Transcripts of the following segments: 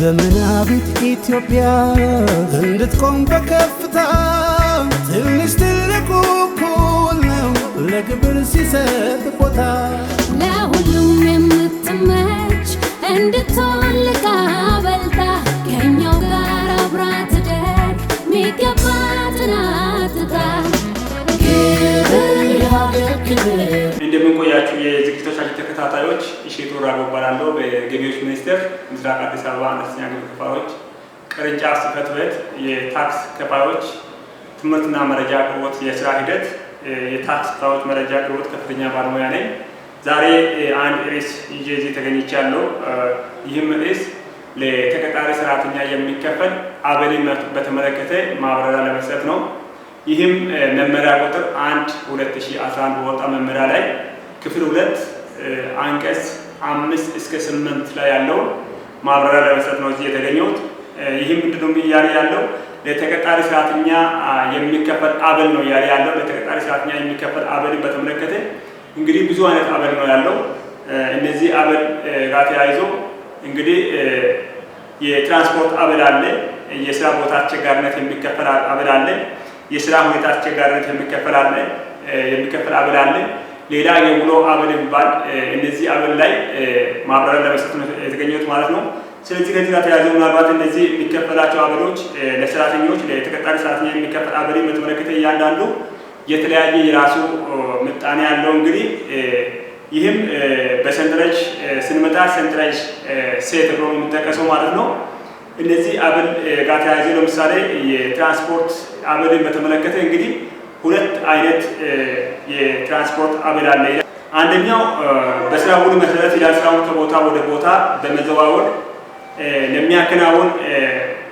ዘመናዊት ኢትዮጵያ እንድትቆም በከፍታ ትንሽ ትልቁ እኩል ነው ለግብር ሲሰጥ ቦታ ለሁሉም የምትመች እንድትሆን ልቃበልታ ከኛው ጋር አብራ ትደግ ሚገባትን አትጣ ግብር ለሀገር ክብር የቆያችሁ የዝግጅቶቻችን ተከታታዮች እሸቱ ራጎ እባላለሁ። በገቢዎች ሚኒስቴር ምስራቅ አዲስ አበባ አነስተኛ ገቢ ከፋዮች ቅርንጫፍ ጽሕፈት ቤት የታክስ ከፋዮች ትምህርትና መረጃ አቅርቦት የስራ ሂደት የታክስ ስራዎች መረጃ አቅርቦት ከፍተኛ ባለሙያ ነኝ። ዛሬ አንድ ርዕስ ይዤ እዚህ ተገኝቻለሁ። ይህም ርዕስ ለተቀጣሪ ሰራተኛ የሚከፈል አበል በተመለከተ ማብራሪያ ለመስጠት ነው። ይህም መመሪያ ቁጥር 1 2011 በወጣ መመሪያ ላይ ክፍል ሁለት አንቀጽ አምስት እስከ ስምንት ላይ ያለውን ማብራሪያ ለመስጠት ነው እዚህ የተገኘሁት። ይህ ምንድን ነው እያለ ያለው ለተቀጣሪ ሰራተኛ የሚከፈል አበል ነው እያለ ያለው። ለተቀጣሪ ሰራተኛ የሚከፈል አበልን በተመለከተ እንግዲህ ብዙ አይነት አበል ነው ያለው። እነዚህ አበል ጋር ተያይዞ እንግዲህ የትራንስፖርት አበል አለ፣ የስራ ቦታ አስቸጋሪነት የሚከፈል አበል አለ፣ የስራ ሁኔታ አስቸጋሪነት የሚከፈል አለ የሚከፈል አበል አለ ሌላ የውሎ አበል የሚባል እነዚህ አበል ላይ ማብራሪያ ለመስጠት ነው ማለት ነው። ስለዚህ ከዚህ ጋር ተያይዘው ምናልባት እነዚህ የሚከፈላቸው አበሎች ለሰራተኞች ለተቀጣሪ ሰራተኛ የሚከፈል አበል በተመለከተ እያንዳንዱ የተለያየ የራሱ ምጣኔ ያለው እንግዲህ ይህም በሰንጠረዥ ስንመጣ ሰንጠረዥ ሴ ተብሎ የሚጠቀሰው ማለት ነው። እነዚህ አበል ጋር ተያይዘ ለምሳሌ የትራንስፖርት አበልን በተመለከተ እንግዲህ ሁለት አይነት የትራንስፖርት አበል አለ። ይላል። አንደኛው በስራ ውል መሰረት ይላል ስራውን ከቦታ ወደ ቦታ በመዘዋወር ለሚያከናውን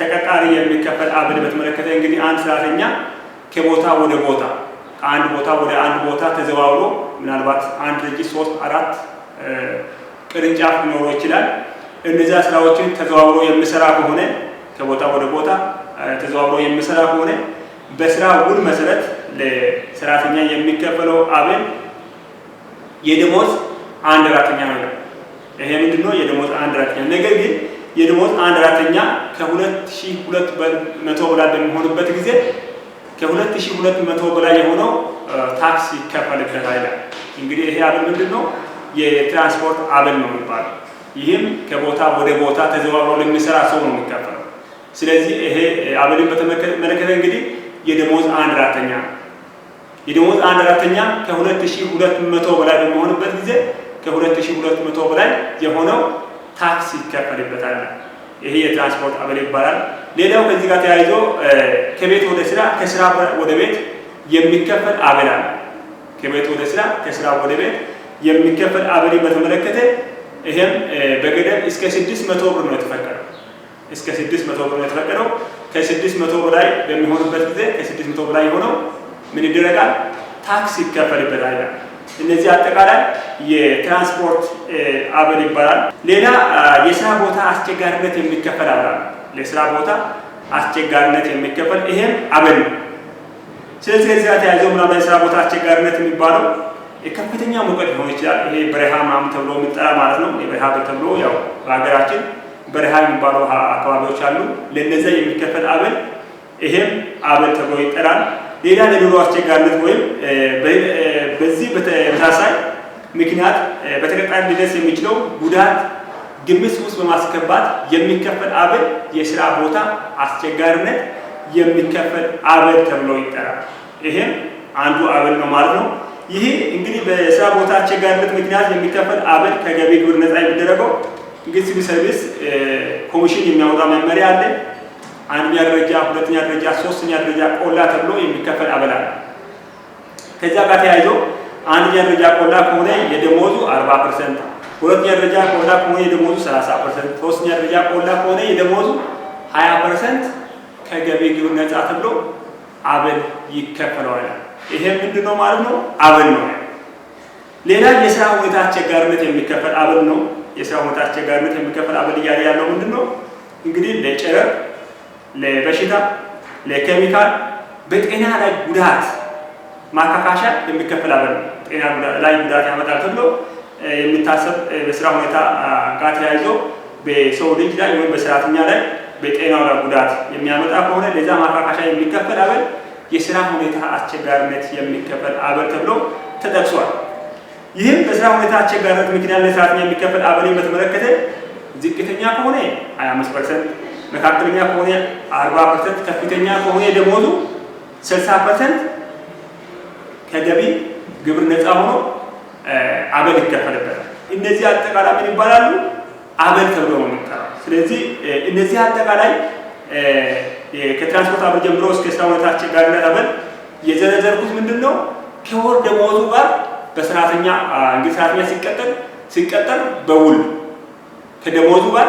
ተቀጣሪ የሚከፈል አበል በተመለከተ እንግዲህ አንድ ሰራተኛ ከቦታ ወደ ቦታ ከአንድ ቦታ ወደ አንድ ቦታ ተዘዋውሮ ምናልባት አንድ ድርጅት ሶስት አራት ቅርንጫፍ ሊኖረው ይችላል። እነዚያ ስራዎችን ተዘዋውሮ የሚሰራ ከሆነ ከቦታ ወደ ቦታ ተዘዋውሮ የሚሰራ ከሆነ በስራ ውል መሰረት ለሰራተኛ የሚከፈለው አበል የደሞዝ አንድ አራተኛ ነው። ይሄ ምንድነው? የደሞዝ አንድ አራተኛ። ነገር ግን የደሞዝ አንድ አራተኛ ከ2200 በላይ በሚሆንበት ጊዜ ከ2200 በላይ የሆነው ታክስ ይከፈልበታል ይላል። እንግዲህ ይሄ አበል ምንድነው? የትራንስፖርት አበል ነው የሚባለው። ይህም ከቦታ ወደ ቦታ ተዘዋውሮ ለሚሰራ ሰው ነው የሚከፈለው። ስለዚህ ይሄ አበልን በተመለከተ እንግዲህ የደሞዝ አንድ አራተኛ የደሞዝ አንድ አራተኛ ከ2200 በላይ በመሆንበት ጊዜ ከ2200 በላይ የሆነው ታክሲ ይከፈልበታል። ይሄ የትራንስፖርት አበል ይባላል። ሌላው ከዚህ ጋር ተያይዞ ከቤት ወደ ስራ ከስራ ወደ ቤት የሚከፈል አበል አለ። ከቤት ወደ ስራ ከስራ ወደ ቤት የሚከፈል አበል በተመለከተ ይህም በገደብ እስከ 600 ብር ነው የተፈቀደው። እስከ 600 ብር ነው የተፈቀደው። ከ600 በላይ በሚሆንበት ጊዜ ከ600 በላይ የሆነው ምን ይደረጋል? ታክስ ይከፈልበታል። እነዚህ አጠቃላይ የትራንስፖርት አበል ይባላል። ሌላ የስራ ቦታ አስቸጋሪነት የሚከፈል አበል ለስራ ቦታ አስቸጋሪነት የሚከፈል ይሄም አበል ነው። ስለዚህ ከዚህ ጋር ተያይዞ ምናምን የስራ ቦታ አስቸጋሪነት የሚባለው ከፍተኛ ሙቀት ሊሆን ይችላል። ይሄ በረሃ ምናምን ተብሎ የሚጠራ ማለት ነው። የበረሃ አበል ተብሎ ያው በሀገራችን በረሃ የሚባሉ አካባቢዎች አሉ። ለነዚያ የሚከፈል አበል ይሄም አበል ተብሎ ይጠራል። ሌላ ለኑሮ አስቸጋሪነት ወይም በዚህ በተመሳሳይ ምክንያት በተቀጣሪ ሊደርስ የሚችለው ጉዳት ግምት ውስጥ በማስገባት የሚከፈል አበል የስራ ቦታ አስቸጋሪነት የሚከፈል አበል ተብሎ ይጠራል። ይሄም አንዱ አበል ነው ማለት ነው። ይሄ እንግዲህ በስራ ቦታ አስቸጋሪነት ምክንያት የሚከፈል አበል ከገቢ ግብር ነፃ የሚደረገው እንግዲህ ሲቪል ሰርቪስ ኮሚሽን የሚያወጣ መመሪያ አለ። አንደኛ ደረጃ፣ ሁለተኛ ደረጃ፣ ሶስተኛ ደረጃ ቆላ ተብሎ የሚከፈል አበላ ነው። ከዚያ ጋር ተያይዞ አንደኛ ደረጃ ቆላ ከሆነ የደሞዙ 40 ፐርሰንት፣ ሁለተኛ ደረጃ ቆላ ከሆነ የደሞዙ 30 ፐርሰንት፣ ሶስተኛ ደረጃ ቆላ ከሆነ የደሞዙ 20 ፐርሰንት ከገቢ ግብር ነጻ ተብሎ አበል ይከፈለዋል። ይሄ ምንድን ነው ማለት ነው? አበል ነው። ሌላ የስራ ሁኔታ አስቸጋሪነት የሚከፈል አበል ነው። የስራ ሁኔታ አስቸጋሪነት የሚከፈል አበል እያለ ያለው ምንድን ነው እንግዲህ ለጨረር ለበሽታ ለኬሚካል በጤና ላይ ጉዳት ማካካሻ የሚከፈል አለ ጤና ላይ ጉዳት ያመጣል ተብሎ የሚታሰብ በስራ ሁኔታ ጋር ተያይዞ በሰው ልጅ ላይ ወይም በሰራተኛ ላይ በጤናው ላይ ጉዳት የሚያመጣ ከሆነ ለዛ ማካካሻ የሚከፈል አበል የስራ ሁኔታ አስቸጋሪነት የሚከፈል አበል ተብሎ ተጠቅሷል። ይህም በስራ ሁኔታ አስቸጋሪነት ምክንያት ለሰራተኛ የሚከፈል አበልን በተመለከተ ዝቅተኛ ከሆነ 25 ፐርሰንት መካከለኛ ከሆነ አርባ ፐርሰንት ከፍተኛ ከሆነ ደሞዙ ስልሳ ፐርሰንት ከገቢ ግብር ነፃ ሆኖ አበል ይከፈልበታል። እነዚህ አጠቃላይ ምን ይባላሉ? አበል ተብሎ ነው የሚጠራው። ስለዚህ እነዚህ አጠቃላይ ከትራንስፖርት አበል ጀምሮ እስከ ስራ ሁኔታ አስቸጋሪነት አበል የዘረዘርኩት ምንድን ነው ከወር ደሞዙ ጋር በሰራተኛ እንግዲህ ሰራተኛ ሲቀጠር ሲቀጠር በውል ከደሞዙ ጋር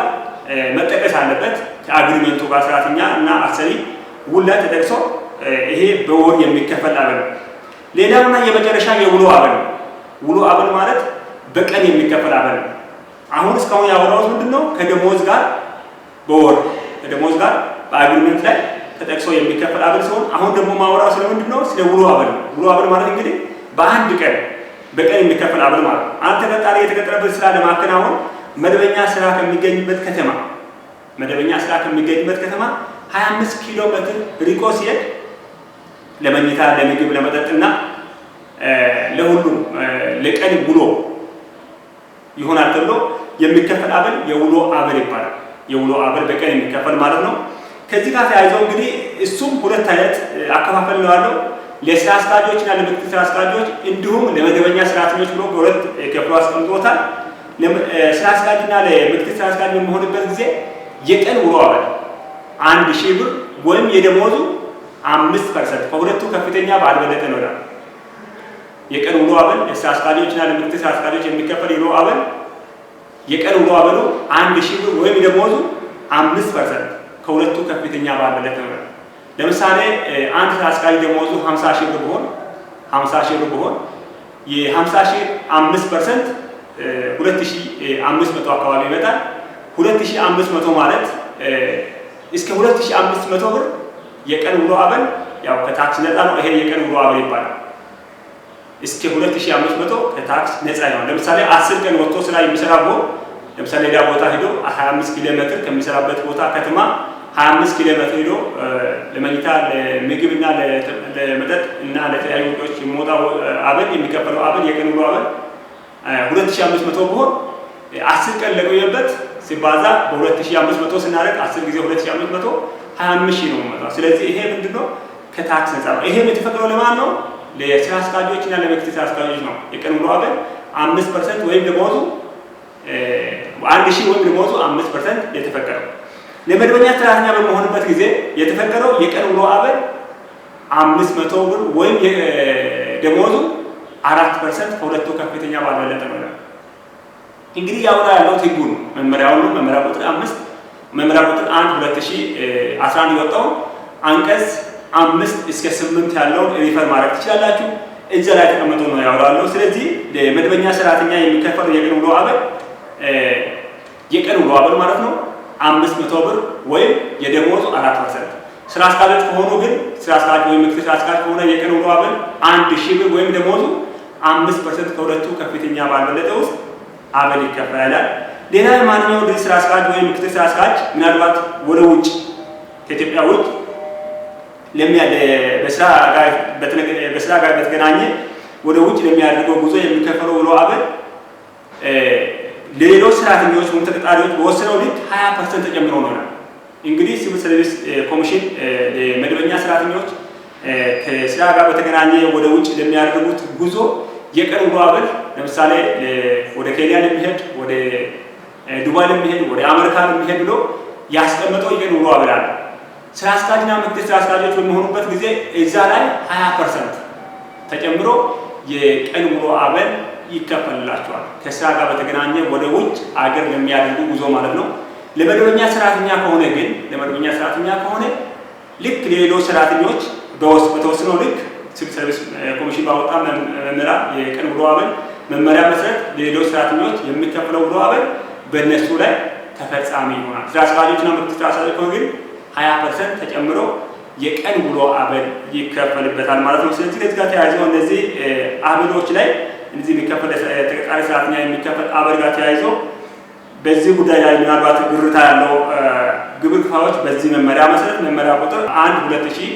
መጠቀስ አለበት። ጋር በአስራተኛ እና አሰሪ ውል ላይ ተጠቅሶ ይሄ በወር የሚከፈል አበል ነው። ሌላውና የመጨረሻ የውሎ አበል ውሎ አበል ማለት በቀን የሚከፈል አበል አሁን እስካሁን ያወራሁት ምንድን ነው? ከደሞዝ ጋር በወር ከደሞዝ ጋር በአግሪመንት ላይ ተጠቅሶ የሚከፈል አበል ሲሆን አሁን ደግሞ ማወራው ስለምንድን ነው? ስለ ውሎ አበል ውሎ አበል ማለት እንግዲህ በአንድ ቀን በቀን የሚከፈል አበል ማለት ነው። አንድ ተቀጣሪ የተቀጠረበት ስራ ለማከናወን መደበኛ ስራ ከሚገኝበት ከተማ መደበኛ ስራ ከሚገኝበት ከተማ 25 ኪሎ ሜትር ሪቆ ሲሄድ ለመኝታ፣ ለምግብ፣ ለመጠጥና ለሁሉም ለቀን ውሎ ይሆናል ተብሎ የሚከፈል አበል የውሎ አበል ይባላል። የውሎ አበል በቀን የሚከፈል ማለት ነው። ከዚህ ጋር ተያይዞ እንግዲህ እሱም ሁለት አይነት አከፋፈል ነው ያለው ለስራ አስኪያጆች እና ለምክትል ስራ አስኪያጆች እንዲሁም ለመደበኛ ሰራተኞች ብሎ በሁለት ከፍሎ አስቀምጦታል። ስራ አስኪያጅ እና ለምክትል ስራ አስኪያጅ በሚሆንበት ጊዜ የቀን ውሎ አበል አንድ ሺህ ብር ወይም የደሞዙ አምስት ፐርሰንት ከሁለቱ ከፍተኛ ባልበለጠ ነው። የቀን ውሎ አበል ለስራ አስኪያጆችና ለምክትል ስራ አስኪያጆች የሚከፈል የውሎ አበል የቀን ውሎ አበሉ አንድ ሺህ ብር ወይም የደሞዙ አምስት ፐርሰንት ከሁለቱ ከፍተኛ ባልበለጠ ነው። ለምሳሌ አንድ ስራ አስኪያጅ ደሞዙ ሀምሳ ሺህ ብር ቢሆን ሀምሳ ሺህ ብር ቢሆን የሀምሳ ሺህ አምስት ፐርሰንት ሁለት ሺህ አምስት መቶ አካባቢ ይመጣል። 2500 ማለት እስከ 2500 ብር የቀን ውሎ አበል ያው ከታክስ ነፃ ነው። ይሄ የቀን ውሎ አበል ይባላል። እስከ 2500 ከታክስ ነፃ ነው። ለምሳሌ 10 ቀን ወጥቶ ስራ የሚሰራ ቦ ለምሳሌ ሌላ ቦታ ሄዶ 25 ኪሎ ሜትር ከሚሰራበት ቦታ ከተማ 25 ኪሎ ሜትር ሄዶ ለመኝታ ለምግብና ለመጠጥ እና ለተለያዩ ወጪዎች የሚወጣ አበል የሚከፈለው አበል የቀን ውሎ አበል 2500 ቢሆን 10 ቀን ለቆየበት ሲባዛ በ2500 ስናደርግ 10 ጊዜ 2500 25000 ነው ማለት። ስለዚህ ይሄ ምንድነው ከታክስ ነጻ ነው። ይሄም የተፈቀደው ለማን ነው? ለስራ አስኪያጆች እና ለምክትል ስራ አስኪያጆች ነው። የቀን ውሎ አበል 5% ወይም ደሞዙ ሺህ ወይም ደሞዙ 5% የተፈቀደው። ለመደበኛ ሰራተኛ በመሆንበት ጊዜ የተፈቀደው የቀን ውሎ አበል 500 ብር ወይም ደሞዙ አራት ፐርሰንት ከሁለቱ ከፍተኛ ባልበለጠ ነው። እንግዲህ ያውራ ያለው ህጉ ነው። መመሪያው ነው። መመሪያ ቁጥር አምስት መመሪያ ቁጥር አንድ ሁለት ሺ አስራ አንድ የወጣው አንቀጽ አምስት እስከ ስምንት ያለውን ሪፈር ማድረግ ትችላላችሁ። እዛ ላይ ተቀምጦ ነው ያውላለው። ስለዚህ መደበኛ ሰራተኛ የሚከፈለው የቀን ውሎ አበል የቀን ውሎ አበል ማለት ነው አምስት መቶ ብር ወይም የደሞዙ አራት ፐርሰንት። ስራ አስኪያጆች ከሆኑ ግን ስራ አስኪያጅ ወይም ምክትል ስራ አስኪያጅ ከሆነ የቀን ውሎ አበል አንድ ሺህ ብር ወይም ደሞዙ አምስት ፐርሰንት ከሁለቱ ከፍተኛ ባልበለጠ ውስጥ አበል ይከፈላል። ሌላ ማንኛው ግን ስራ አስኪያጅ ወይም ምክትል ስራ አስኪያጅ ምናልባት ወደ ውጭ ከኢትዮጵያ ውጭ በስራ ጋር በተገናኘ ወደ ውጭ ለሚያደርገው ጉዞ የሚከፈለው ውሎ አበል ለሌሎች ሰራተኞች ወይም ተቀጣሪዎች በወሰነው ልክ ሀያ ፐርሰንት ተጨምሮ ሆናል። እንግዲህ ሲቪል ሰርቪስ ኮሚሽን መደበኛ ሰራተኞች ከስራ ጋር በተገናኘ ወደ ውጭ ለሚያደርጉት ጉዞ የቀን ውሎ አበል ለምሳሌ ወደ ኬንያ ለሚሄድ ወደ ዱባይ ለሚሄድ ወደ አሜሪካ ለሚሄድ ብሎ ያስቀመጠው የኑሮ አበላል ስራ አስኪያጅና ምክትል ስራ አስኪያጆች በሚሆኑበት ጊዜ እዛ ላይ 20 ፐርሰንት ተጨምሮ የቀን ውሎ አበል ይከፈልላቸዋል። ከስራ ጋር በተገናኘ ወደ ውጭ አገር ለሚያደርጉ ጉዞ ማለት ነው። ለመደበኛ ሰራተኛ ከሆነ ግን ለመደበኛ ሰራተኛ ከሆነ ልክ ሌሎች ሰራተኞች በተወስነው ልክ ሲቪል ሰርቪስ ኮሚሽን ባወጣ መመሪያ የቀን ውሎ አበል መመሪያ መሰረት ለሌሎች ሰራተኞች የሚከፍለው ውሎ አበል በእነሱ ላይ ተፈጻሚ ይሆናል። ስራ አስኪያጆችና ምክትል ስራ አስኪያጆች ግን ሀያ ፐርሰንት ተጨምሮ የቀን ውሎ አበል ይከፈልበታል ማለት ነው። ስለዚህ ከዚህ ጋር ተያይዘው እነዚህ አበሎች ላይ እነዚህ የሚከፈል ተቀጣሪ ሰራተኛ የሚከፈል አበል ጋር ተያይዞ በዚህ ጉዳይ ላይ ምናልባት ግርታ ያለው ግብር ከፋዮች በዚህ መመሪያ መሰረት መመሪያ ቁጥር አንድ ሁለት ሺ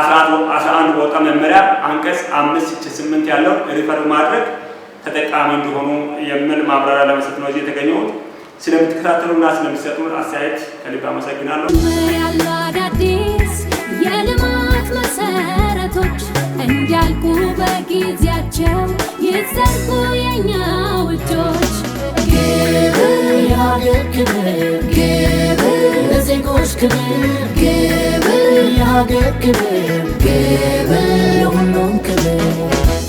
አስራ አንድ በወጣ መመሪያ አንቀጽ አምስት ስድስት ስምንት ያለው ሪፈር ማድረግ ተጠቃሚ እንዲሆኑ የሚል ማብራሪያ ለመስጠት ነው እዚህ የተገኘሁት። ስለምትከታተሉና ስለምትሰጡ አስተያየት ከልብ አመሰግናለሁ። አዳዲስ የልማት መሰረቶች እንዲያልቁ በጊዜያቸው ይዘርጉ የኛ ውጆች ግብር የሀገር ክብር ግብር ለዜጎች ክብር ግብር የሀገር ክብር ግብር የሁሉም ክብር